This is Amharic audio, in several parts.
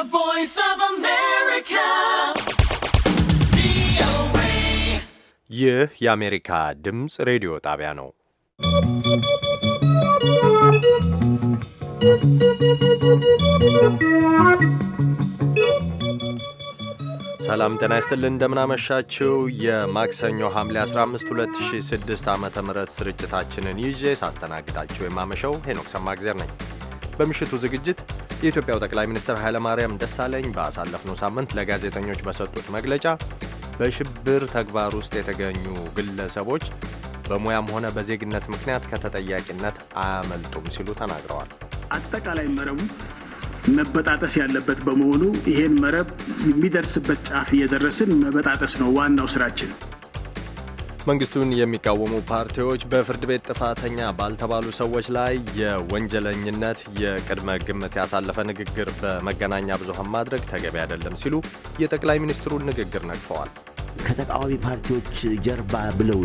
The voice of America. ይህ የአሜሪካ ድምፅ ሬዲዮ ጣቢያ ነው። ሰላም ጤና ይስጥልን። እንደምናመሻችው የማክሰኞ ሐምሌ 15 2006 ዓ ም ስርጭታችንን ይዤ ሳስተናግዳችሁ የማመሸው ሄኖክ ሰማግዜር ነኝ። በምሽቱ ዝግጅት የኢትዮጵያው ጠቅላይ ሚኒስትር ኃይለማርያም ደሳለኝ በአሳለፍነው ሳምንት ለጋዜጠኞች በሰጡት መግለጫ በሽብር ተግባር ውስጥ የተገኙ ግለሰቦች በሙያም ሆነ በዜግነት ምክንያት ከተጠያቂነት አያመልጡም ሲሉ ተናግረዋል። አጠቃላይ መረቡ መበጣጠስ ያለበት በመሆኑ ይሄን መረብ የሚደርስበት ጫፍ እየደረስን መበጣጠስ ነው ዋናው ስራችን። መንግስቱን የሚቃወሙ ፓርቲዎች በፍርድ ቤት ጥፋተኛ ባልተባሉ ሰዎች ላይ የወንጀለኝነት የቅድመ ግምት ያሳለፈ ንግግር በመገናኛ ብዙሃን ማድረግ ተገቢ አይደለም ሲሉ የጠቅላይ ሚኒስትሩን ንግግር ነቅፈዋል። ከተቃዋሚ ፓርቲዎች ጀርባ ብለው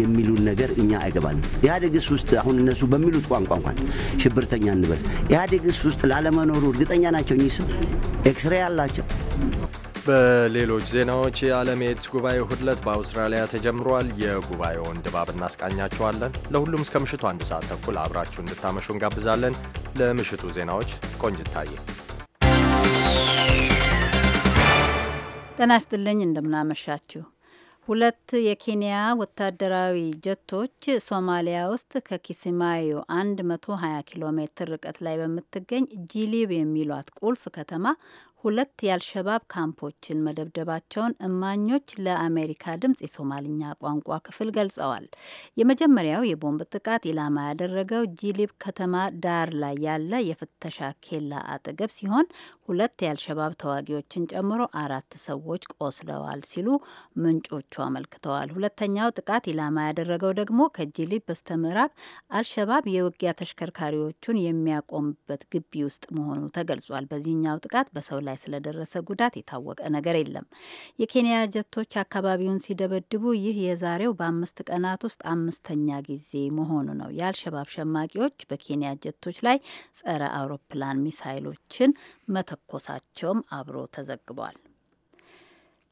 የሚሉን ነገር እኛ አይገባንም። ኢህአዴግስ ውስጥ አሁን እነሱ በሚሉት ቋንቋ እንኳን ሽብርተኛ እንበል ኢህአዴግስ ውስጥ ላለመኖሩ እርግጠኛ ናቸው። እኚህ ሰው ኤክስሬ አላቸው። በሌሎች ዜናዎች የዓለም ኤድስ ጉባኤ እሁድ በአውስትራሊያ ተጀምሯል። የጉባኤውን ድባብ እናስቃኛችኋለን። ለሁሉም እስከ ምሽቱ አንድ ሰዓት ተኩል አብራችሁ እንድታመሹ እንጋብዛለን። ለምሽቱ ዜናዎች ቆንጅታየ ጤና ይስጥልኝ። እንደምናመሻችሁ ሁለት የኬንያ ወታደራዊ ጀቶች ሶማሊያ ውስጥ ከኪሲማዮ 120 ኪሎ ሜትር ርቀት ላይ በምትገኝ ጂሊብ የሚሏት ቁልፍ ከተማ ሁለት የአልሸባብ ካምፖችን መደብደባቸውን እማኞች ለአሜሪካ ድምጽ የሶማልኛ ቋንቋ ክፍል ገልጸዋል። የመጀመሪያው የቦምብ ጥቃት ኢላማ ያደረገው ጂሊብ ከተማ ዳር ላይ ያለ የፍተሻ ኬላ አጠገብ ሲሆን ሁለት የአልሸባብ ተዋጊዎችን ጨምሮ አራት ሰዎች ቆስለዋል ሲሉ ምንጮቹ አመልክተዋል። ሁለተኛው ጥቃት ኢላማ ያደረገው ደግሞ ከጂሊብ በስተምዕራብ አልሸባብ የውጊያ ተሽከርካሪዎቹን የሚያቆምበት ግቢ ውስጥ መሆኑ ተገልጿል። በዚህኛው ጥቃት በሰው ላይ ላይ ስለደረሰ ጉዳት የታወቀ ነገር የለም። የኬንያ ጀቶች አካባቢውን ሲደበድቡ ይህ የዛሬው በአምስት ቀናት ውስጥ አምስተኛ ጊዜ መሆኑ ነው። የአልሸባብ ሸማቂዎች በኬንያ ጀቶች ላይ ጸረ አውሮፕላን ሚሳይሎችን መተኮሳቸውም አብሮ ተዘግቧል።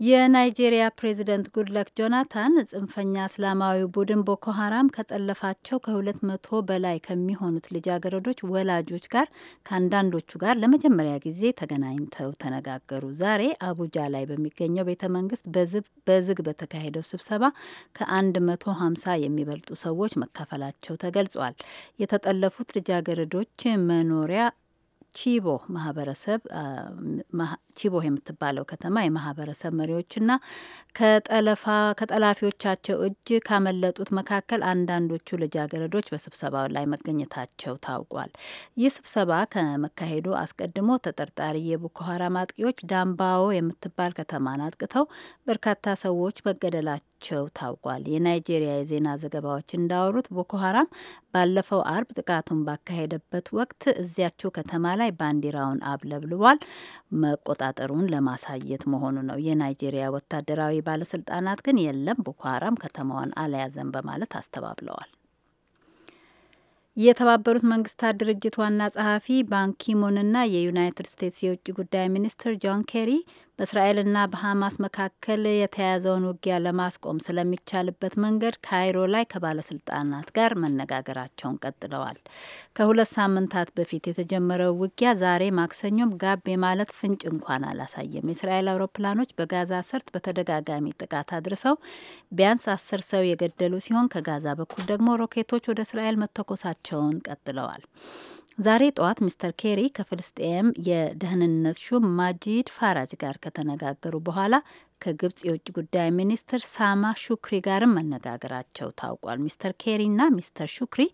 የናይጄሪያ ፕሬዚደንት ጉድለክ ጆናታን ጽንፈኛ እስላማዊ ቡድን ቦኮ ሀራም ከጠለፋቸው ከሁለት መቶ በላይ ከሚሆኑት ልጃገረዶች ወላጆች ጋር ከአንዳንዶቹ ጋር ለመጀመሪያ ጊዜ ተገናኝተው ተነጋገሩ። ዛሬ አቡጃ ላይ በሚገኘው ቤተ መንግስት በዝግ በተካሄደው ስብሰባ ከአንድ መቶ ሀምሳ የሚበልጡ ሰዎች መካፈላቸው ተገልጿል። የተጠለፉት ልጃገረዶች መኖሪያ ቺቦ ማህበረሰብ ቺቦ የምትባለው ከተማ የማህበረሰብ መሪዎችና ከጠለፋ ከጠላፊዎቻቸው እጅ ካመለጡት መካከል አንዳንዶቹ ልጃገረዶች በስብሰባው ላይ መገኘታቸው ታውቋል። ይህ ስብሰባ ከመካሄዱ አስቀድሞ ተጠርጣሪ የቦኮ ሀራም አጥቂዎች ዳምባዎ የምትባል ከተማን አጥቅተው በርካታ ሰዎች መገደላቸው ታውቋል። የናይጄሪያ የዜና ዘገባዎች እንዳወሩት ቦኮ ሀራም ባለፈው አርብ ጥቃቱን ባካሄደበት ወቅት እዚያችው ከተማ ላይ ላይ ባንዲራውን አብለብልቧል። መቆጣጠሩን ለማሳየት መሆኑ ነው። የናይጄሪያ ወታደራዊ ባለስልጣናት ግን የለም ቦኮ ሀራም ከተማዋን አልያዘም በማለት አስተባብለዋል። የተባበሩት መንግስታት ድርጅት ዋና ጸሐፊ ባንኪሞንና የዩናይትድ ስቴትስ የውጭ ጉዳይ ሚኒስትር ጆን ኬሪ በእስራኤልና በሐማስ መካከል የተያዘውን ውጊያ ለማስቆም ስለሚቻልበት መንገድ ካይሮ ላይ ከባለስልጣናት ጋር መነጋገራቸውን ቀጥለዋል። ከሁለት ሳምንታት በፊት የተጀመረው ውጊያ ዛሬ ማክሰኞም ጋብ የማለት ፍንጭ እንኳን አላሳየም። የእስራኤል አውሮፕላኖች በጋዛ ሰርጥ በተደጋጋሚ ጥቃት አድርሰው ቢያንስ አስር ሰው የገደሉ ሲሆን ከጋዛ በኩል ደግሞ ሮኬቶች ወደ እስራኤል መተኮሳቸውን ቀጥለዋል። ዛሬ ጠዋት ሚስተር ኬሪ ከፍልስጤም የደህንነት ሹም ማጂድ ፋራጅ ጋር ከተነጋገሩ በኋላ ከግብጽ የውጭ ጉዳይ ሚኒስትር ሳማ ሹክሪ ጋርም መነጋገራቸው ታውቋል። ሚስተር ኬሪና ሚስተር ሹክሪ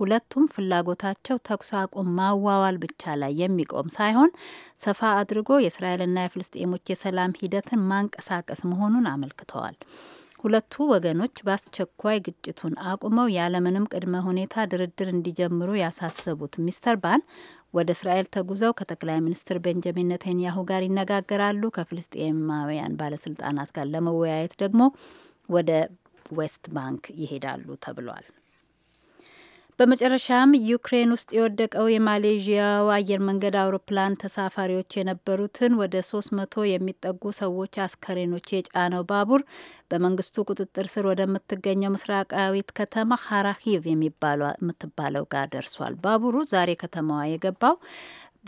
ሁለቱም ፍላጎታቸው ተኩስ አቁም ማዋዋል ብቻ ላይ የሚቆም ሳይሆን ሰፋ አድርጎ የእስራኤልና የፍልስጤሞች የሰላም ሂደትን ማንቀሳቀስ መሆኑን አመልክተዋል። ሁለቱ ወገኖች በአስቸኳይ ግጭቱን አቁመው ያለምንም ቅድመ ሁኔታ ድርድር እንዲጀምሩ ያሳሰቡት ሚስተር ባን ወደ እስራኤል ተጉዘው ከጠቅላይ ሚኒስትር ቤንጃሚን ነተንያሁ ጋር ይነጋገራሉ። ከፍልስጤማውያን ባለስልጣናት ጋር ለመወያየት ደግሞ ወደ ዌስት ባንክ ይሄዳሉ ተብሏል። በመጨረሻም ዩክሬን ውስጥ የወደቀው የማሌዥያው አየር መንገድ አውሮፕላን ተሳፋሪዎች የነበሩትን ወደ ሶስት መቶ የሚጠጉ ሰዎች አስከሬኖች የጫነው ባቡር በመንግስቱ ቁጥጥር ስር ወደምትገኘው ምስራቃዊት ከተማ ሀራኪቭ የምትባለው ጋር ደርሷል። ባቡሩ ዛሬ ከተማዋ የገባው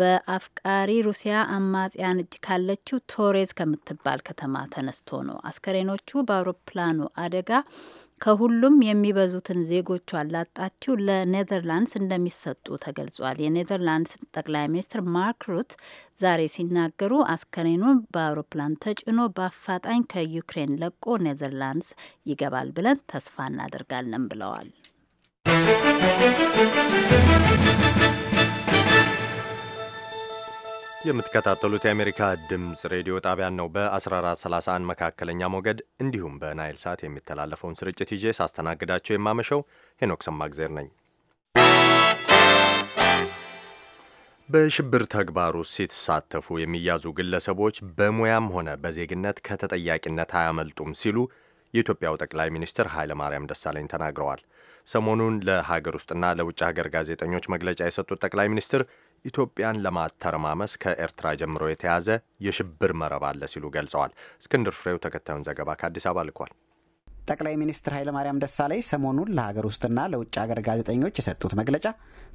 በአፍቃሪ ሩሲያ አማጽያን እጅ ካለችው ቶሬዝ ከምትባል ከተማ ተነስቶ ነው። አስከሬኖቹ በአውሮፕላኑ አደጋ ከሁሉም የሚበዙትን ዜጎቿን ላጣችው ለኔዘርላንድስ እንደሚሰጡ ተገልጿል። የኔዘርላንድስ ጠቅላይ ሚኒስትር ማርክ ሩት ዛሬ ሲናገሩ አስከሬኑን በአውሮፕላን ተጭኖ በአፋጣኝ ከዩክሬን ለቆ ኔዘርላንድስ ይገባል ብለን ተስፋ እናደርጋለን ብለዋል። የምትከታተሉት የአሜሪካ ድምፅ ሬዲዮ ጣቢያን ነው። በ1431 መካከለኛ ሞገድ እንዲሁም በናይል ሳት የሚተላለፈውን ስርጭት ይዤ ሳስተናግዳቸው የማመሸው ሄኖክ ሰማግዜር ነኝ። በሽብር ተግባር ውስጥ ሲተሳተፉ የሚያዙ ግለሰቦች በሙያም ሆነ በዜግነት ከተጠያቂነት አያመልጡም ሲሉ የኢትዮጵያው ጠቅላይ ሚኒስትር ኃይለማርያም ደሳለኝ ተናግረዋል። ሰሞኑን ለሀገር ውስጥና ለውጭ ሀገር ጋዜጠኞች መግለጫ የሰጡት ጠቅላይ ሚኒስትር ኢትዮጵያን ለማተረማመስ ከኤርትራ ጀምሮ የተያዘ የሽብር መረብ አለ ሲሉ ገልጸዋል። እስክንድር ፍሬው ተከታዩን ዘገባ ከአዲስ አበባ ልኳል። ጠቅላይ ሚኒስትር ኃይለማርያም ደሳለኝ ሰሞኑን ለሀገር ውስጥና ለውጭ ሀገር ጋዜጠኞች የሰጡት መግለጫ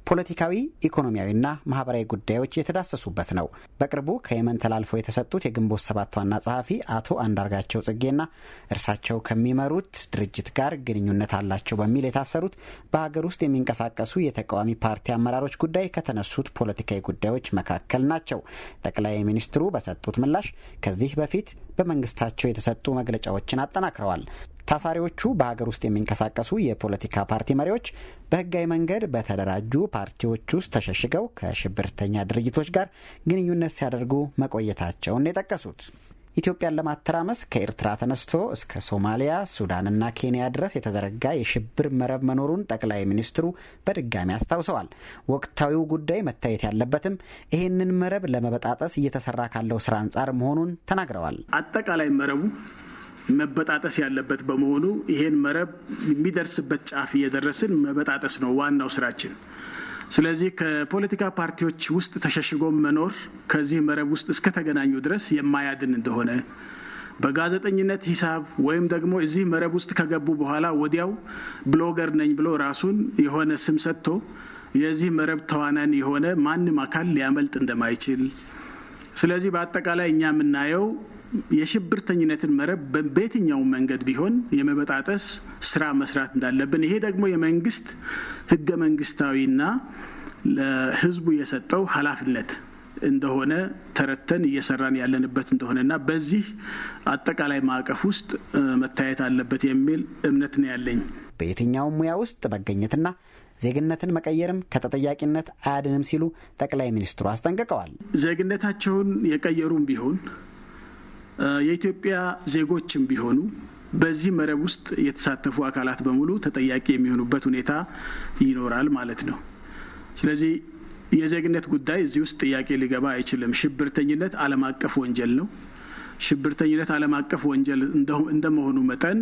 ፖለቲካዊ፣ ኢኮኖሚያዊና ማህበራዊ ጉዳዮች የተዳሰሱበት ነው። በቅርቡ ከየመን ተላልፈው የተሰጡት የግንቦት ሰባት ዋና ጸሐፊ አቶ አንዳርጋቸው ጽጌና እርሳቸው ከሚመሩት ድርጅት ጋር ግንኙነት አላቸው በሚል የታሰሩት በሀገር ውስጥ የሚንቀሳቀሱ የተቃዋሚ ፓርቲ አመራሮች ጉዳይ ከተነሱት ፖለቲካዊ ጉዳዮች መካከል ናቸው። ጠቅላይ ሚኒስትሩ በሰጡት ምላሽ ከዚህ በፊት በመንግስታቸው የተሰጡ መግለጫዎችን አጠናክረዋል። ታሳሪዎቹ በሀገር ውስጥ የሚንቀሳቀሱ የፖለቲካ ፓርቲ መሪዎች በህጋዊ መንገድ በተደራጁ ፓርቲዎች ውስጥ ተሸሽገው ከሽብርተኛ ድርጅቶች ጋር ግንኙነት ሲያደርጉ መቆየታቸውን የጠቀሱት ኢትዮጵያን ለማተራመስ ከኤርትራ ተነስቶ እስከ ሶማሊያ፣ ሱዳንና ኬንያ ድረስ የተዘረጋ የሽብር መረብ መኖሩን ጠቅላይ ሚኒስትሩ በድጋሚ አስታውሰዋል። ወቅታዊው ጉዳይ መታየት ያለበትም ይህንን መረብ ለመበጣጠስ እየተሰራ ካለው ስራ አንጻር መሆኑን ተናግረዋል። አጠቃላይ መረቡ መበጣጠስ ያለበት በመሆኑ ይሄን መረብ የሚደርስበት ጫፍ እየደረስን መበጣጠስ ነው ዋናው ስራችን። ስለዚህ ከፖለቲካ ፓርቲዎች ውስጥ ተሸሽጎ መኖር ከዚህ መረብ ውስጥ እስከተገናኙ ድረስ የማያድን እንደሆነ በጋዜጠኝነት ሂሳብ ወይም ደግሞ እዚህ መረብ ውስጥ ከገቡ በኋላ ወዲያው ብሎገር ነኝ ብሎ ራሱን የሆነ ስም ሰጥቶ የዚህ መረብ ተዋናን የሆነ ማንም አካል ሊያመልጥ እንደማይችል ስለዚህ በአጠቃላይ እኛ የምናየው የሽብርተኝነትን መረብ በየትኛው መንገድ ቢሆን የመበጣጠስ ስራ መስራት እንዳለብን ይሄ ደግሞ የመንግስት ህገ መንግስታዊና ለህዝቡ የሰጠው ሀላፊነት እንደሆነ ተረተን እየሰራን ያለንበት እንደሆነና በዚህ አጠቃላይ ማዕቀፍ ውስጥ መታየት አለበት የሚል እምነት ነው ያለኝ። በየትኛውም ሙያ ውስጥ መገኘትና ዜግነትን መቀየርም ከተጠያቂነት አያድንም ሲሉ ጠቅላይ ሚኒስትሩ አስጠንቅቀዋል። ዜግነታቸውን የቀየሩም ቢሆን የኢትዮጵያ ዜጎችም ቢሆኑ በዚህ መረብ ውስጥ የተሳተፉ አካላት በሙሉ ተጠያቂ የሚሆኑበት ሁኔታ ይኖራል ማለት ነው። ስለዚህ የዜግነት ጉዳይ እዚህ ውስጥ ጥያቄ ሊገባ አይችልም። ሽብርተኝነት ዓለም አቀፍ ወንጀል ነው። ሽብርተኝነት ዓለም አቀፍ ወንጀል እንደመሆኑ መጠን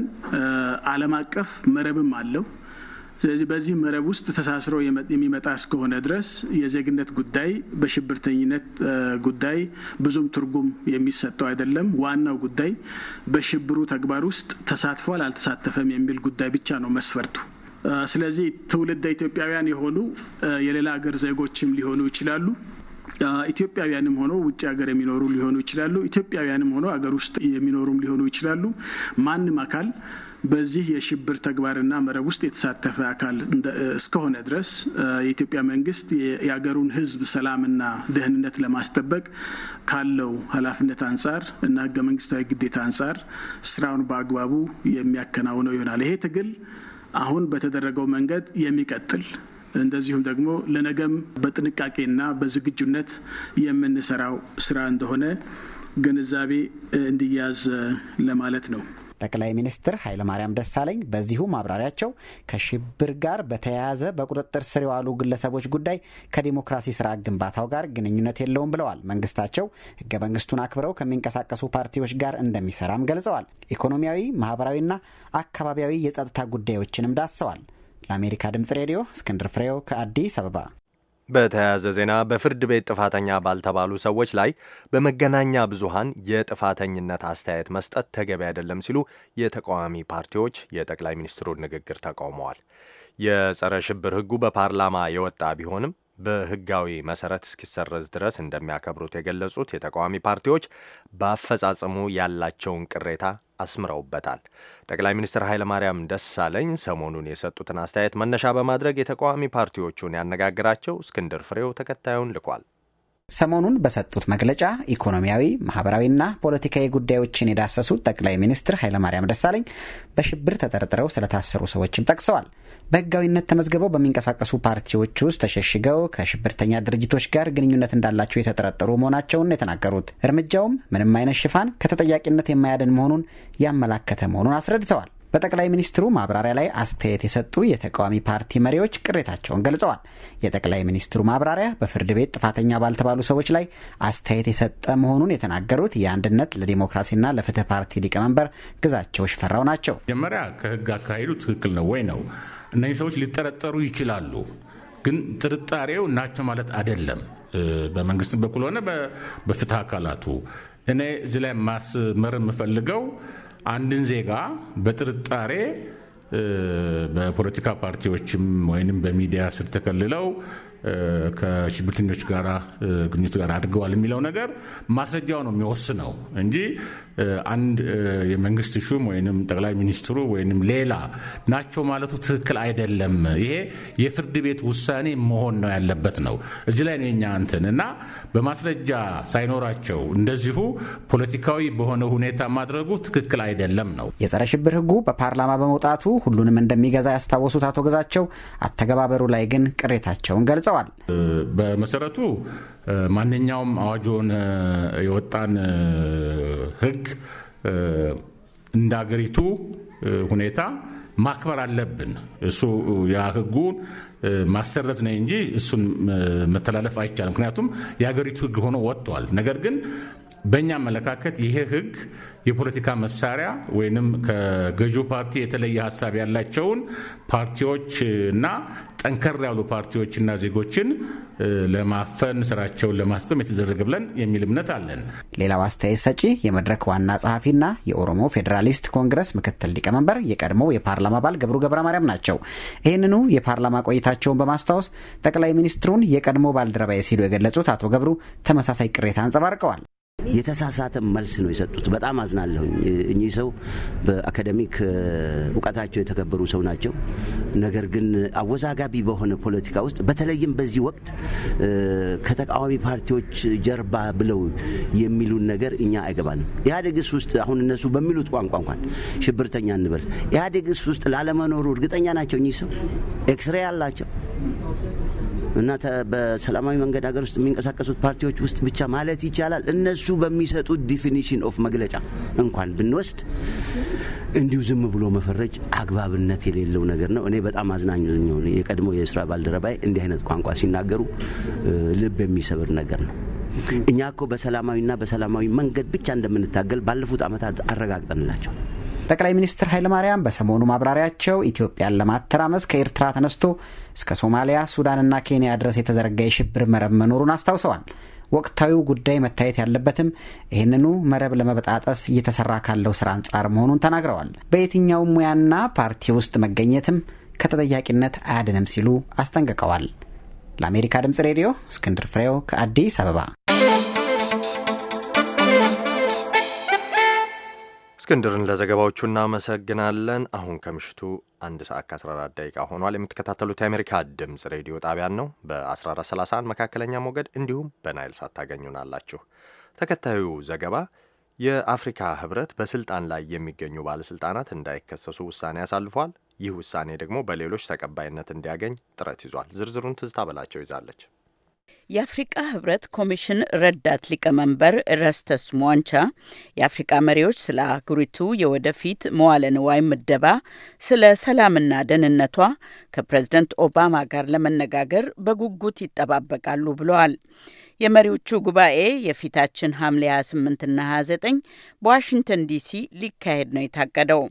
ዓለም አቀፍ መረብም አለው። ስለዚህ በዚህ መረብ ውስጥ ተሳስሮ የሚመጣ እስከሆነ ድረስ የዜግነት ጉዳይ በሽብርተኝነት ጉዳይ ብዙም ትርጉም የሚሰጠው አይደለም። ዋናው ጉዳይ በሽብሩ ተግባር ውስጥ ተሳትፏል አልተሳተፈም የሚል ጉዳይ ብቻ ነው መስፈርቱ። ስለዚህ ትውልደ ኢትዮጵያውያን የሆኑ የሌላ ሀገር ዜጎችም ሊሆኑ ይችላሉ። ኢትዮጵያውያንም ሆኖ ውጭ ሀገር የሚኖሩ ሊሆኑ ይችላሉ። ኢትዮጵያውያንም ሆኖ ሀገር ውስጥ የሚኖሩም ሊሆኑ ይችላሉ። ማንም አካል በዚህ የሽብር ተግባርና መረብ ውስጥ የተሳተፈ አካል እስከሆነ ድረስ የኢትዮጵያ መንግስት የአገሩን ህዝብ ሰላምና ደህንነት ለማስጠበቅ ካለው ኃላፊነት አንጻር እና ህገ መንግስታዊ ግዴታ አንጻር ስራውን በአግባቡ የሚያከናውነው ይሆናል። ይሄ ትግል አሁን በተደረገው መንገድ የሚቀጥል እንደዚሁም ደግሞ ለነገም በጥንቃቄና በዝግጁነት የምንሰራው ስራ እንደሆነ ግንዛቤ እንዲያዝ ለማለት ነው። ጠቅላይ ሚኒስትር ኃይለማርያም ደሳለኝ በዚሁ ማብራሪያቸው ከሽብር ጋር በተያያዘ በቁጥጥር ስር የዋሉ ግለሰቦች ጉዳይ ከዲሞክራሲ ስርዓት ግንባታው ጋር ግንኙነት የለውም ብለዋል። መንግስታቸው ህገ መንግስቱን አክብረው ከሚንቀሳቀሱ ፓርቲዎች ጋር እንደሚሰራም ገልጸዋል። ኢኮኖሚያዊ፣ ማህበራዊና አካባቢያዊ የጸጥታ ጉዳዮችንም ዳሰዋል። ለአሜሪካ ድምጽ ሬዲዮ እስክንድር ፍሬው ከአዲስ አበባ በተያያዘ ዜና በፍርድ ቤት ጥፋተኛ ባልተባሉ ሰዎች ላይ በመገናኛ ብዙሃን የጥፋተኝነት አስተያየት መስጠት ተገቢ አይደለም ሲሉ የተቃዋሚ ፓርቲዎች የጠቅላይ ሚኒስትሩን ንግግር ተቃውመዋል። የጸረ ሽብር ሕጉ በፓርላማ የወጣ ቢሆንም በህጋዊ መሰረት እስኪሰረዝ ድረስ እንደሚያከብሩት የገለጹት የተቃዋሚ ፓርቲዎች በአፈጻጸሙ ያላቸውን ቅሬታ አስምረውበታል። ጠቅላይ ሚኒስትር ኃይለማርያም ደሳለኝ ሰሞኑን የሰጡትን አስተያየት መነሻ በማድረግ የተቃዋሚ ፓርቲዎቹን ያነጋግራቸው እስክንድር ፍሬው ተከታዩን ልኳል። ሰሞኑን በሰጡት መግለጫ ኢኮኖሚያዊ፣ ማህበራዊና ፖለቲካዊ ጉዳዮችን የዳሰሱት ጠቅላይ ሚኒስትር ኃይለማርያም ደሳለኝ በሽብር ተጠርጥረው ስለታሰሩ ሰዎችም ጠቅሰዋል። በህጋዊነት ተመዝግበው በሚንቀሳቀሱ ፓርቲዎች ውስጥ ተሸሽገው ከሽብርተኛ ድርጅቶች ጋር ግንኙነት እንዳላቸው የተጠረጠሩ መሆናቸውን የተናገሩት እርምጃውም ምንም አይነት ሽፋን ከተጠያቂነት የማያድን መሆኑን ያመላከተ መሆኑን አስረድተዋል። በጠቅላይ ሚኒስትሩ ማብራሪያ ላይ አስተያየት የሰጡ የተቃዋሚ ፓርቲ መሪዎች ቅሬታቸውን ገልጸዋል። የጠቅላይ ሚኒስትሩ ማብራሪያ በፍርድ ቤት ጥፋተኛ ባልተባሉ ሰዎች ላይ አስተያየት የሰጠ መሆኑን የተናገሩት የአንድነት ለዲሞክራሲና ለፍትህ ፓርቲ ሊቀመንበር ግዛቸው ሽፈራው ናቸው። መጀመሪያ ከህግ አካሄዱ ትክክል ነው ወይ ነው። እነዚህ ሰዎች ሊጠረጠሩ ይችላሉ፣ ግን ጥርጣሬው ናቸው ማለት አይደለም። በመንግስት በኩል ሆነ በፍትህ አካላቱ እኔ እዚህ ላይ ማስመር የምፈልገው አንድን ዜጋ በጥርጣሬ በፖለቲካ ፓርቲዎችም ወይንም በሚዲያ ስር ተከልለው ከሽብርተኞች ጋር ግንኙነት ጋር አድርገዋል የሚለው ነገር ማስረጃው ነው የሚወስነው እንጂ አንድ የመንግስት ሹም ወይም ጠቅላይ ሚኒስትሩ ወይም ሌላ ናቸው ማለቱ ትክክል አይደለም። ይሄ የፍርድ ቤት ውሳኔ መሆን ነው ያለበት ነው። እዚህ ላይ ነው የኛ እንትን እና በማስረጃ ሳይኖራቸው እንደዚሁ ፖለቲካዊ በሆነ ሁኔታ ማድረጉ ትክክል አይደለም ነው። የጸረ ሽብር ህጉ በፓርላማ በመውጣቱ ሁሉንም እንደሚገዛ ያስታወሱት አቶ ገዛቸው አተገባበሩ ላይ ግን ቅሬታቸውን ገልጸ ገልጸዋል። በመሰረቱ ማንኛውም አዋጆን የወጣን ህግ እንደ አገሪቱ ሁኔታ ማክበር አለብን። እሱ የህጉን ማሰረዝ ነው እንጂ እሱን መተላለፍ አይቻልም። ምክንያቱም የሀገሪቱ ህግ ሆኖ ወጥቷል። ነገር ግን በእኛ አመለካከት ይሄ ህግ የፖለቲካ መሳሪያ ወይንም ከገዢው ፓርቲ የተለየ ሀሳብ ያላቸውን ፓርቲዎች እና ጠንከር ያሉ ፓርቲዎችና ዜጎችን ለማፈን ስራቸውን ለማስቆም የተደረገ ብለን የሚል እምነት አለን። ሌላው አስተያየት ሰጪ የመድረክ ዋና ጸሐፊና የኦሮሞ ፌዴራሊስት ኮንግረስ ምክትል ሊቀመንበር የቀድሞው የፓርላማ አባል ገብሩ ገብረ ማርያም ናቸው። ይህንኑ የፓርላማ ቆይታቸውን በማስታወስ ጠቅላይ ሚኒስትሩን የቀድሞ ባልደረባዬ ሲሉ የገለጹት አቶ ገብሩ ተመሳሳይ ቅሬታ አንጸባርቀዋል። የተሳሳተ መልስ ነው የሰጡት። በጣም አዝናለሁኝ። እኚህ ሰው በአካደሚክ እውቀታቸው የተከበሩ ሰው ናቸው። ነገር ግን አወዛጋቢ በሆነ ፖለቲካ ውስጥ በተለይም በዚህ ወቅት ከተቃዋሚ ፓርቲዎች ጀርባ ብለው የሚሉን ነገር እኛ አይገባንም። ኢህአዴግስ ውስጥ አሁን እነሱ በሚሉት ቋንቋ እንኳን ሽብርተኛ እንበል ኢህአዴግስ ውስጥ ላለመኖሩ እርግጠኛ ናቸው እኚህ ሰው ኤክስሬ አላቸው እና በሰላማዊ መንገድ ሀገር ውስጥ የሚንቀሳቀሱት ፓርቲዎች ውስጥ ብቻ ማለት ይቻላል እነሱ በሚሰጡት ዲፊኒሽን ኦፍ መግለጫ እንኳን ብንወስድ እንዲሁ ዝም ብሎ መፈረጅ አግባብነት የሌለው ነገር ነው። እኔ በጣም አዝናኝ ልኝ የቀድሞ የስራ ባልደረባይ እንዲህ አይነት ቋንቋ ሲናገሩ ልብ የሚሰብር ነገር ነው። እኛ እኮ በሰላማዊና በሰላማዊ መንገድ ብቻ እንደምንታገል ባለፉት ዓመታት አረጋግጠንላቸዋል። ጠቅላይ ሚኒስትር ኃይለማርያም በሰሞኑ ማብራሪያቸው ኢትዮጵያን ለማተራመስ ከኤርትራ ተነስቶ እስከ ሶማሊያ፣ ሱዳንና ኬንያ ድረስ የተዘረጋ የሽብር መረብ መኖሩን አስታውሰዋል። ወቅታዊው ጉዳይ መታየት ያለበትም ይህንኑ መረብ ለመበጣጠስ እየተሰራ ካለው ስራ አንጻር መሆኑን ተናግረዋል። በየትኛውም ሙያና ፓርቲ ውስጥ መገኘትም ከተጠያቂነት አያድንም ሲሉ አስጠንቅቀዋል። ለአሜሪካ ድምጽ ሬዲዮ እስክንድር ፍሬው ከአዲስ አበባ እስክንድርን ለዘገባዎቹ እናመሰግናለን። አሁን ከምሽቱ አንድ ሰዓት ከ14 ደቂቃ ሆኗል። የምትከታተሉት የአሜሪካ ድምፅ ሬዲዮ ጣቢያን ነው። በ1431 መካከለኛ ሞገድ እንዲሁም በናይል ሳት ታገኙናላችሁ። ተከታዩ ዘገባ የአፍሪካ ህብረት በስልጣን ላይ የሚገኙ ባለስልጣናት እንዳይከሰሱ ውሳኔ አሳልፏል። ይህ ውሳኔ ደግሞ በሌሎች ተቀባይነት እንዲያገኝ ጥረት ይዟል። ዝርዝሩን ትዝታ በላቸው ይዛለች። የአፍሪቃ ህብረት ኮሚሽን ረዳት ሊቀመንበር ረስተስ ሟንቻ የአፍሪቃ መሪዎች ስለ አህጉሪቱ የወደፊት መዋለ ንዋይ ምደባ፣ ስለ ሰላምና ደህንነቷ ከፕሬዝደንት ኦባማ ጋር ለመነጋገር በጉጉት ይጠባበቃሉ ብለዋል። የመሪዎቹ ጉባኤ የፊታችን ሐምሌ 28ና 29 በዋሽንግተን ዲሲ ሊካሄድ ነው የታቀደው።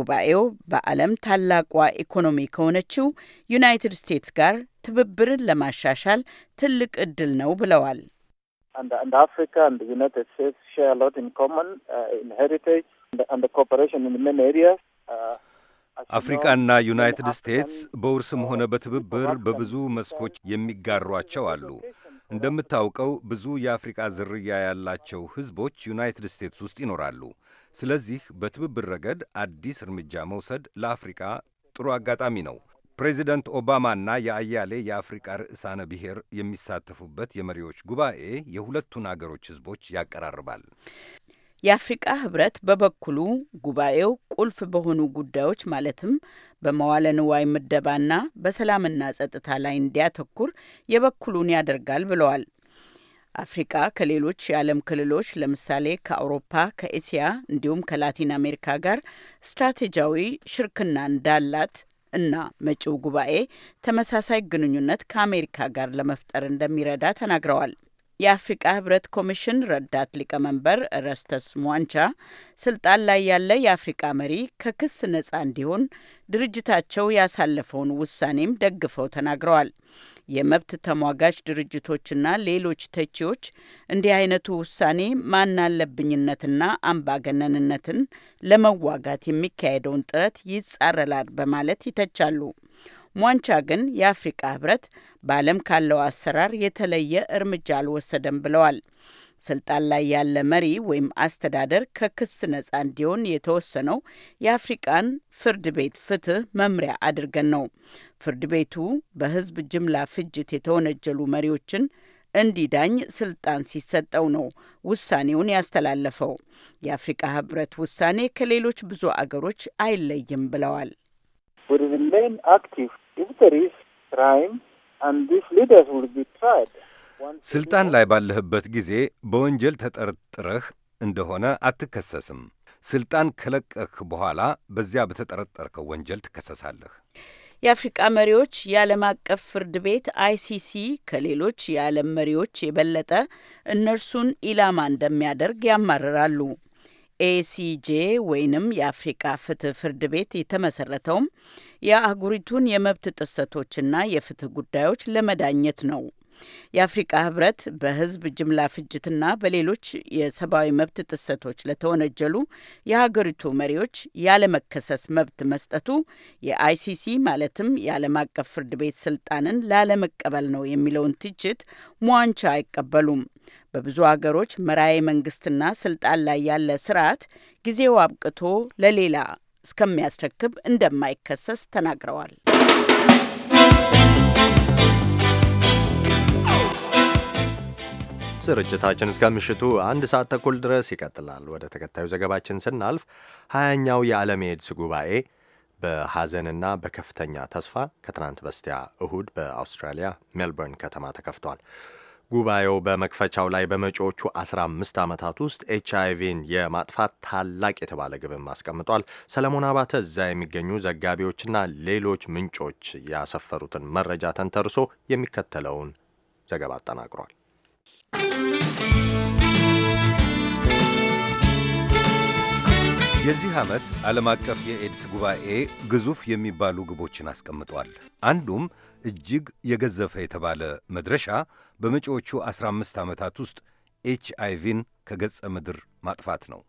ጉባኤው በዓለም ታላቋ ኢኮኖሚ ከሆነችው ዩናይትድ ስቴትስ ጋር ትብብርን ለማሻሻል ትልቅ እድል ነው ብለዋል። እንደ አፍሪቃና ዩናይትድ ስቴትስ በውርስም ሆነ በትብብር በብዙ መስኮች የሚጋሯቸው አሉ። እንደምታውቀው ብዙ የአፍሪቃ ዝርያ ያላቸው ሕዝቦች ዩናይትድ ስቴትስ ውስጥ ይኖራሉ። ስለዚህ በትብብር ረገድ አዲስ እርምጃ መውሰድ ለአፍሪቃ ጥሩ አጋጣሚ ነው። ፕሬዚደንት ኦባማና የአያሌ የአፍሪቃ ርዕሳነ ብሔር የሚሳተፉበት የመሪዎች ጉባኤ የሁለቱን አገሮች ህዝቦች ያቀራርባል። የአፍሪቃ ህብረት በበኩሉ ጉባኤው ቁልፍ በሆኑ ጉዳዮች ማለትም በመዋለ ንዋይ ምደባና በሰላምና ጸጥታ ላይ እንዲያተኩር የበኩሉን ያደርጋል ብለዋል። አፍሪቃ ከሌሎች የዓለም ክልሎች ለምሳሌ ከአውሮፓ፣ ከኤስያ እንዲሁም ከላቲን አሜሪካ ጋር ስትራቴጂያዊ ሽርክና እንዳላት እና መጪው ጉባኤ ተመሳሳይ ግንኙነት ከአሜሪካ ጋር ለመፍጠር እንደሚረዳ ተናግረዋል። የአፍሪቃ ህብረት ኮሚሽን ረዳት ሊቀመንበር ረስተስ ሟንቻ ስልጣን ላይ ያለ የአፍሪቃ መሪ ከክስ ነጻ እንዲሆን ድርጅታቸው ያሳለፈውን ውሳኔም ደግፈው ተናግረዋል። የመብት ተሟጋች ድርጅቶችና ሌሎች ተቺዎች እንዲህ አይነቱ ውሳኔ ማናለብኝነትና አምባገነንነትን ለመዋጋት የሚካሄደውን ጥረት ይጻረላል በማለት ይተቻሉ። ሟንቻ ግን የአፍሪቃ ህብረት በዓለም ካለው አሰራር የተለየ እርምጃ አልወሰደም ብለዋል። ስልጣን ላይ ያለ መሪ ወይም አስተዳደር ከክስ ነጻ እንዲሆን የተወሰነው የአፍሪቃን ፍርድ ቤት ፍትህ መምሪያ አድርገን ነው። ፍርድ ቤቱ በህዝብ ጅምላ ፍጅት የተወነጀሉ መሪዎችን እንዲዳኝ ስልጣን ሲሰጠው ነው ውሳኔውን ያስተላለፈው። የአፍሪቃ ህብረት ውሳኔ ከሌሎች ብዙ አገሮች አይለይም ብለዋል። ስልጣን ላይ ባለህበት ጊዜ በወንጀል ተጠርጥረህ እንደሆነ አትከሰስም። ስልጣን ከለቀህ በኋላ በዚያ በተጠረጠርከው ወንጀል ትከሰሳለህ። የአፍሪቃ መሪዎች የዓለም አቀፍ ፍርድ ቤት አይሲሲ ከሌሎች የዓለም መሪዎች የበለጠ እነርሱን ኢላማ እንደሚያደርግ ያማርራሉ። ኤሲጄ ወይንም የአፍሪቃ ፍትህ ፍርድ ቤት የተመሰረተውም የአህጉሪቱን የመብት ጥሰቶችና የፍትህ ጉዳዮች ለመዳኘት ነው። የአፍሪቃ ህብረት በህዝብ ጅምላ ፍጅትና በሌሎች የሰብአዊ መብት ጥሰቶች ለተወነጀሉ የሀገሪቱ መሪዎች ያለመከሰስ መብት መስጠቱ የአይሲሲ ማለትም የዓለም አቀፍ ፍርድ ቤት ስልጣንን ላለመቀበል ነው የሚለውን ትችት ሟንቻ አይቀበሉም። በብዙ አገሮች መራዊ መንግስትና ስልጣን ላይ ያለ ስርዓት ጊዜው አብቅቶ ለሌላ እስከሚያስረክብ እንደማይከሰስ ተናግረዋል። ስርጭታችን እስከ ምሽቱ አንድ ሰዓት ተኩል ድረስ ይቀጥላል። ወደ ተከታዩ ዘገባችን ስናልፍ ሀያኛው የዓለም ኤድስ ጉባኤ በሐዘንና በከፍተኛ ተስፋ ከትናንት በስቲያ እሁድ በአውስትራሊያ ሜልበርን ከተማ ተከፍቷል። ጉባኤው በመክፈቻው ላይ በመጪዎቹ 15 ዓመታት ውስጥ ኤች አይቪን የማጥፋት ታላቅ የተባለ ግብም አስቀምጧል። ሰለሞን አባተ እዛ የሚገኙ ዘጋቢዎችና ሌሎች ምንጮች ያሰፈሩትን መረጃ ተንተርሶ የሚከተለውን ዘገባ አጠናቅሯል። የዚህ ዓመት ዓለም አቀፍ የኤድስ ጉባኤ ግዙፍ የሚባሉ ግቦችን አስቀምጧል። አንዱም እጅግ የገዘፈ የተባለ መድረሻ በመጪዎቹ 15 ዓመታት ውስጥ ኤች አይቪን ከገጸ ምድር ማጥፋት ነው።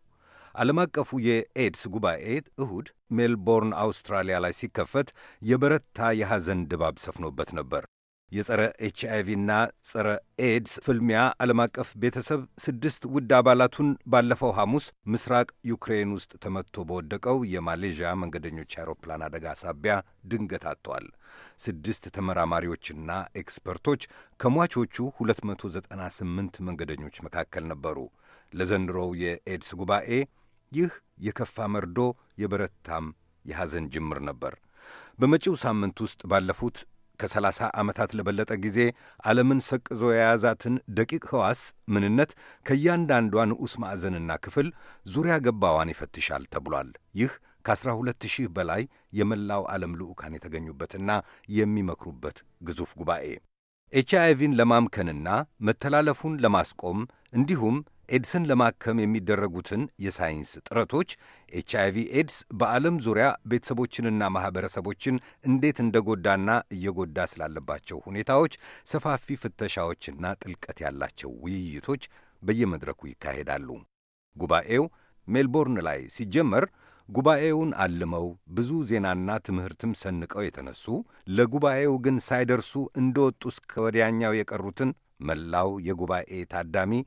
ዓለም አቀፉ የኤድስ ጉባኤ እሁድ ሜልቦርን አውስትራሊያ ላይ ሲከፈት የበረታ የሐዘን ድባብ ሰፍኖበት ነበር። የጸረ ኤች አይቪና ጸረ ኤድስ ፍልሚያ ዓለም አቀፍ ቤተሰብ ስድስት ውድ አባላቱን ባለፈው ሐሙስ ምስራቅ ዩክሬን ውስጥ ተመትቶ በወደቀው የማሌዥያ መንገደኞች አውሮፕላን አደጋ ሳቢያ ድንገት አጥተዋል። ስድስት ተመራማሪዎችና ኤክስፐርቶች ከሟቾቹ 298 መንገደኞች መካከል ነበሩ። ለዘንድሮው የኤድስ ጉባኤ ይህ የከፋ መርዶ የበረታም የሐዘን ጅምር ነበር። በመጪው ሳምንት ውስጥ ባለፉት ከ30 ዓመታት ለበለጠ ጊዜ ዓለምን ሰቅዞ የያዛትን ደቂቅ ሕዋስ ምንነት ከእያንዳንዷ ንዑስ ማዕዘንና ክፍል ዙሪያ ገባዋን ይፈትሻል ተብሏል። ይህ ከ12 ሺህ በላይ የመላው ዓለም ልዑካን የተገኙበትና የሚመክሩበት ግዙፍ ጉባኤ ኤች አይቪን ለማምከንና መተላለፉን ለማስቆም እንዲሁም ኤድስን ለማከም የሚደረጉትን የሳይንስ ጥረቶች ኤች አይቪ ኤድስ በዓለም ዙሪያ ቤተሰቦችንና ማኅበረሰቦችን እንዴት እንደጎዳና እየጎዳ ስላለባቸው ሁኔታዎች ሰፋፊ ፍተሻዎችና ጥልቀት ያላቸው ውይይቶች በየመድረኩ ይካሄዳሉ። ጉባኤው ሜልቦርን ላይ ሲጀመር ጉባኤውን አልመው ብዙ ዜናና ትምህርትም ሰንቀው የተነሱ ለጉባኤው ግን ሳይደርሱ እንደወጡ እስከ ወዲያኛው የቀሩትን መላው የጉባኤ ታዳሚ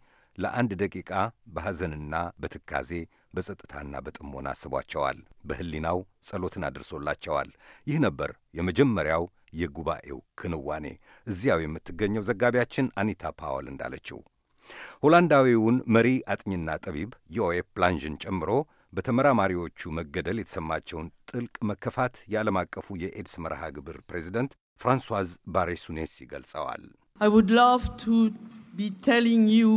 ለአንድ ደቂቃ በሐዘንና በትካዜ በጸጥታና በጥሞና አስቧቸዋል። በሕሊናው ጸሎትን አድርሶላቸዋል። ይህ ነበር የመጀመሪያው የጉባኤው ክንዋኔ። እዚያው የምትገኘው ዘጋቢያችን አኒታ ፓወል እንዳለችው ሆላንዳዊውን መሪ አጥኚና ጠቢብ ዮኤፕ ፕላንዥን ጨምሮ በተመራማሪዎቹ መገደል የተሰማቸውን ጥልቅ መከፋት የዓለም አቀፉ የኤድስ መርሃ ግብር ፕሬዚደንት ፍራንሷዝ ባሬሱኔስ ይገልጸዋል። I would love to be telling you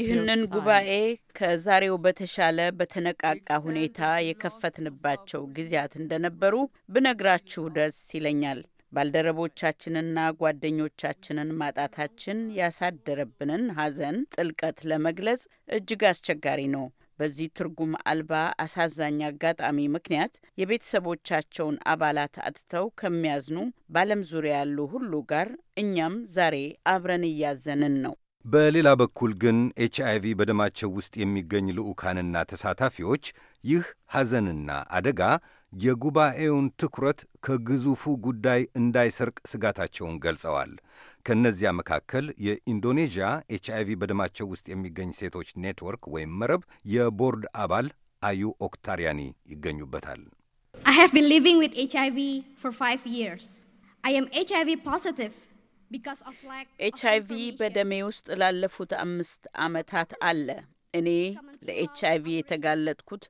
ይህንን ጉባኤ ከዛሬው በተሻለ በተነቃቃ ሁኔታ የከፈትንባቸው ጊዜያት እንደነበሩ ብነግራችሁ ደስ ይለኛል። ባልደረቦቻችንና ጓደኞቻችንን ማጣታችን ያሳደረብንን ሐዘን ጥልቀት ለመግለጽ እጅግ አስቸጋሪ ነው። በዚህ ትርጉም አልባ አሳዛኝ አጋጣሚ ምክንያት የቤተሰቦቻቸውን አባላት አጥተው ከሚያዝኑ በዓለም ዙሪያ ያሉ ሁሉ ጋር እኛም ዛሬ አብረን እያዘንን ነው። በሌላ በኩል ግን ኤች አይቪ በደማቸው ውስጥ የሚገኝ ልዑካንና ተሳታፊዎች ይህ ሐዘንና አደጋ የጉባኤውን ትኩረት ከግዙፉ ጉዳይ እንዳይሰርቅ ስጋታቸውን ገልጸዋል። ከእነዚያ መካከል የኢንዶኔዥያ ኤች አይቪ በደማቸው ውስጥ የሚገኝ ሴቶች ኔትወርክ ወይም መረብ የቦርድ አባል አዩ ኦክታሪያኒ ይገኙበታል። ኤች አይቪ በደሜ ውስጥ ላለፉት አምስት ዓመታት አለ። እኔ ለኤች አይቪ የተጋለጥኩት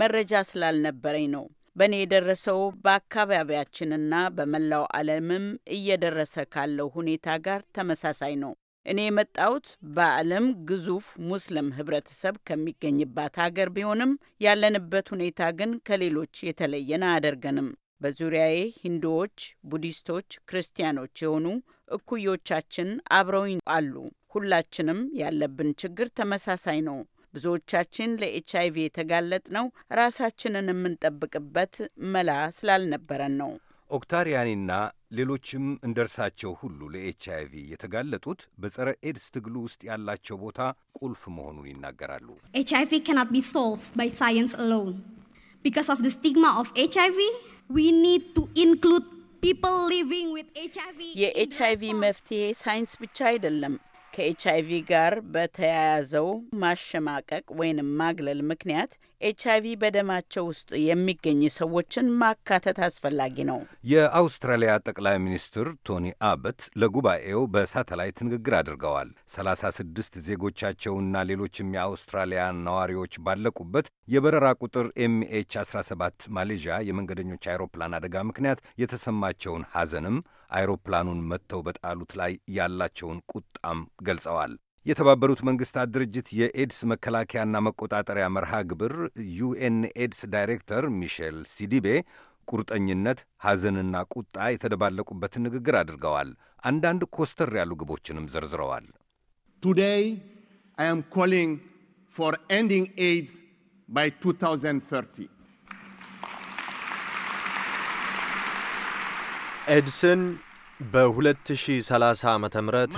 መረጃ ስላልነበረኝ ነው። በእኔ የደረሰው በአካባቢያችንና በመላው ዓለምም እየደረሰ ካለው ሁኔታ ጋር ተመሳሳይ ነው። እኔ የመጣሁት በዓለም ግዙፍ ሙስሊም ህብረተሰብ ከሚገኝባት ሀገር ቢሆንም ያለንበት ሁኔታ ግን ከሌሎች የተለየን አያደርገንም። በዙሪያዬ ሂንዱዎች፣ ቡዲስቶች፣ ክርስቲያኖች የሆኑ እኩዮቻችን አብረውኝ አሉ። ሁላችንም ያለብን ችግር ተመሳሳይ ነው። ብዙዎቻችን ለኤች አይቪ የተጋለጥነው ራሳችንን የምንጠብቅበት መላ ስላልነበረን ነው። ኦክታሪያኒና ሌሎችም እንደርሳቸው ሁሉ ለኤች አይቪ የተጋለጡት በጸረ ኤድስ ትግሉ ውስጥ ያላቸው ቦታ ቁልፍ መሆኑን ይናገራሉ። ኤች አይቪ cannot be solved by science alone. Because of the stigma of HIV, we need to include people living የኤች አይቪ መፍትሄ ሳይንስ ብቻ አይደለም ከኤች አይቪ ጋር በተያያዘው ማሸማቀቅ ወይንም ማግለል ምክንያት ኤች አይቪ በደማቸው ውስጥ የሚገኝ ሰዎችን ማካተት አስፈላጊ ነው። የአውስትራሊያ ጠቅላይ ሚኒስትር ቶኒ አበት ለጉባኤው በሳተላይት ንግግር አድርገዋል። 36 ዜጎቻቸውና ሌሎችም የአውስትራሊያ ነዋሪዎች ባለቁበት የበረራ ቁጥር ኤምኤች 17 ማሌዥያ የመንገደኞች አይሮፕላን አደጋ ምክንያት የተሰማቸውን ሐዘንም አይሮፕላኑን መጥተው በጣሉት ላይ ያላቸውን ቁጣም ገልጸዋል። የተባበሩት መንግስታት ድርጅት የኤድስ መከላከያና መቆጣጠሪያ መርሃ ግብር ዩኤን ኤድስ ዳይሬክተር ሚሼል ሲዲቤ ቁርጠኝነት፣ ሐዘንና ቁጣ የተደባለቁበትን ንግግር አድርገዋል። አንዳንድ ኮስተር ያሉ ግቦችንም ዘርዝረዋል። ቱዴይ አይ አም ኮሊንግ ፎር ኤንዲንግ ኤድስ ባይ 2030 ኤድስን በ2030 ዓ ም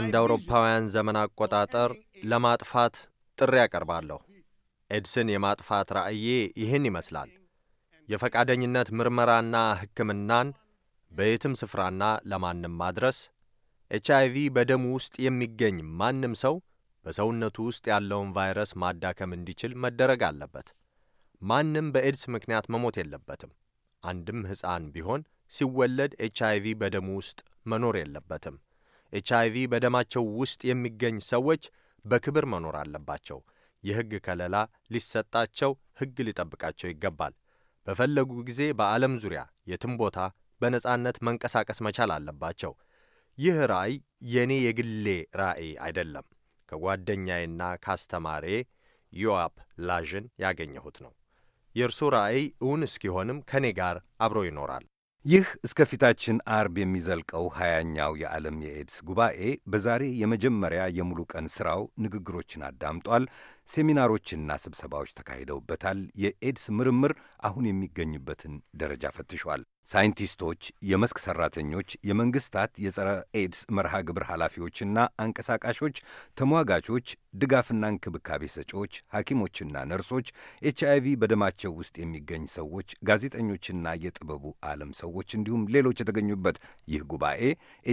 እንደ አውሮፓውያን ዘመን አቆጣጠር ለማጥፋት ጥሪ ያቀርባለሁ። ኤድስን የማጥፋት ራዕዬ ይህን ይመስላል። የፈቃደኝነት ምርመራና ሕክምናን በየትም ስፍራና ለማንም ማድረስ፣ ኤች አይ ቪ በደሙ ውስጥ የሚገኝ ማንም ሰው በሰውነቱ ውስጥ ያለውን ቫይረስ ማዳከም እንዲችል መደረግ አለበት። ማንም በኤድስ ምክንያት መሞት የለበትም፣ አንድም ሕፃን ቢሆን ሲወለድ ኤች አይቪ በደሙ ውስጥ መኖር የለበትም። ኤች አይቪ በደማቸው ውስጥ የሚገኝ ሰዎች በክብር መኖር አለባቸው። የሕግ ከለላ ሊሰጣቸው፣ ሕግ ሊጠብቃቸው ይገባል። በፈለጉ ጊዜ በዓለም ዙሪያ የትም ቦታ በነጻነት መንቀሳቀስ መቻል አለባቸው። ይህ ራእይ የእኔ የግሌ ራእይ አይደለም። ከጓደኛዬና ካስተማሬ ዮአፕ ላዥን ያገኘሁት ነው። የእርሱ ራእይ እውን እስኪሆንም ከእኔ ጋር አብሮ ይኖራል። ይህ እስከፊታችን አርብ የሚዘልቀው ሀያኛው የዓለም የኤድስ ጉባኤ በዛሬ የመጀመሪያ የሙሉ ቀን ስራው ንግግሮችን አዳምጧል። ሴሚናሮችና ስብሰባዎች ተካሂደውበታል። የኤድስ ምርምር አሁን የሚገኝበትን ደረጃ ፈትሿል። ሳይንቲስቶች፣ የመስክ ሠራተኞች፣ የመንግሥታት የጸረ ኤድስ መርሃ ግብር ኃላፊዎችና አንቀሳቃሾች፣ ተሟጋቾች፣ ድጋፍና እንክብካቤ ሰጪዎች፣ ሐኪሞችና ነርሶች፣ ኤች አይቪ በደማቸው ውስጥ የሚገኝ ሰዎች፣ ጋዜጠኞችና የጥበቡ ዓለም ሰዎች እንዲሁም ሌሎች የተገኙበት ይህ ጉባኤ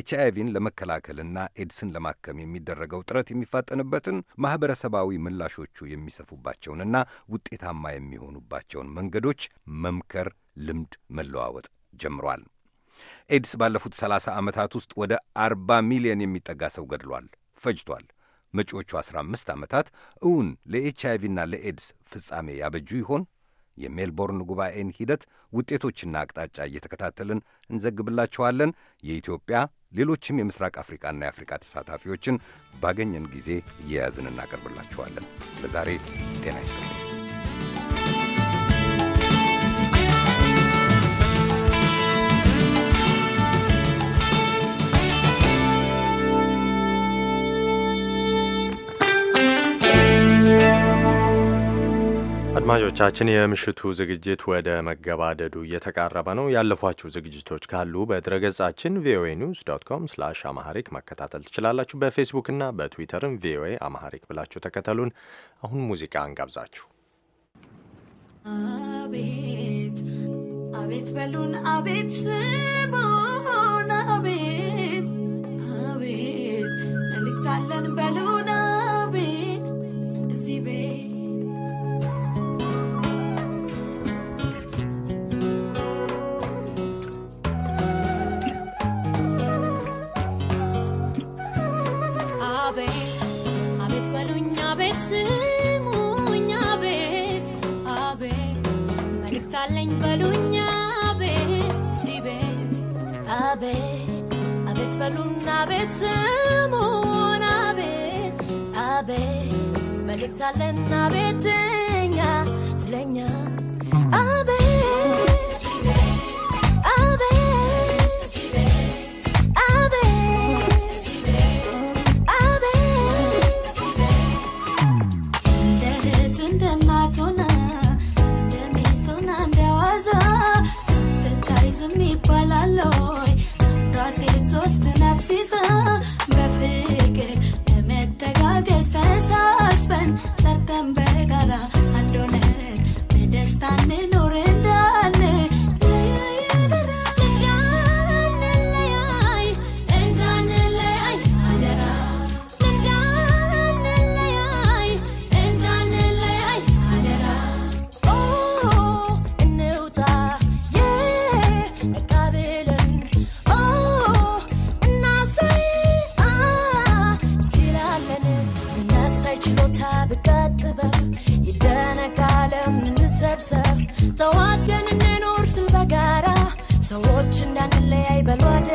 ኤች አይቪን ለመከላከልና ኤድስን ለማከም የሚደረገው ጥረት የሚፋጠንበትን ማኅበረሰባዊ ምላሾቹ የሚሰፉባቸውንና ውጤታማ የሚሆኑባቸውን መንገዶች መምከር ልምድ መለዋወጥ ጀምሯል። ኤድስ ባለፉት 30 ዓመታት ውስጥ ወደ 40 ሚሊዮን የሚጠጋ ሰው ገድሏል፣ ፈጅቷል። መጪዎቹ 15 ዓመታት እውን ለኤች አይቪና ለኤድስ ፍጻሜ ያበጁ ይሆን? የሜልቦርን ጉባኤን ሂደት ውጤቶችና አቅጣጫ እየተከታተልን እንዘግብላችኋለን። የኢትዮጵያ ሌሎችም የምስራቅ አፍሪቃና የአፍሪቃ ተሳታፊዎችን ባገኘን ጊዜ እየያዝን እናቀርብላችኋለን። ለዛሬ ጤና ይስጥልኝ። አድማጮቻችን የምሽቱ ዝግጅት ወደ መገባደዱ እየተቃረበ ነው። ያለፏችሁ ዝግጅቶች ካሉ በድረገጻችን ቪኦኤ ኒውስ ዶት ኮም ስላሽ አማሐሪክ መከታተል ትችላላችሁ። በፌስቡክና በትዊተርም ቪኦኤ አማሐሪክ ብላችሁ ተከተሉን። አሁን ሙዚቃ እንጋብዛችሁ። አቤት አቤት በሉን፣ አቤት ስሙን፣ አቤት አቤት መልክታለን በሉን አቤት ስሙን አቤት አቤት መልእክት አለን አቤትኛ ስለኛ ሰዎች እንዳንለያይ በሏደ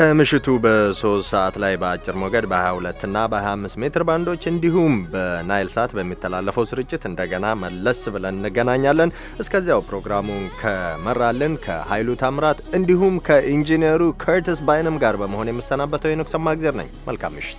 ከምሽቱ በሶስት ሰዓት ላይ በአጭር ሞገድ በ22 እና በ25 ሜትር ባንዶች እንዲሁም በናይል ሳት በሚተላለፈው ስርጭት እንደገና መለስ ብለን እንገናኛለን። እስከዚያው ፕሮግራሙን ከመራልን ከኃይሉ ታምራት እንዲሁም ከኢንጂነሩ ከርትስ ባይንም ጋር በመሆን የምሰናበተው የንኩ ሰማግዜር ነኝ። መልካም ምሽት።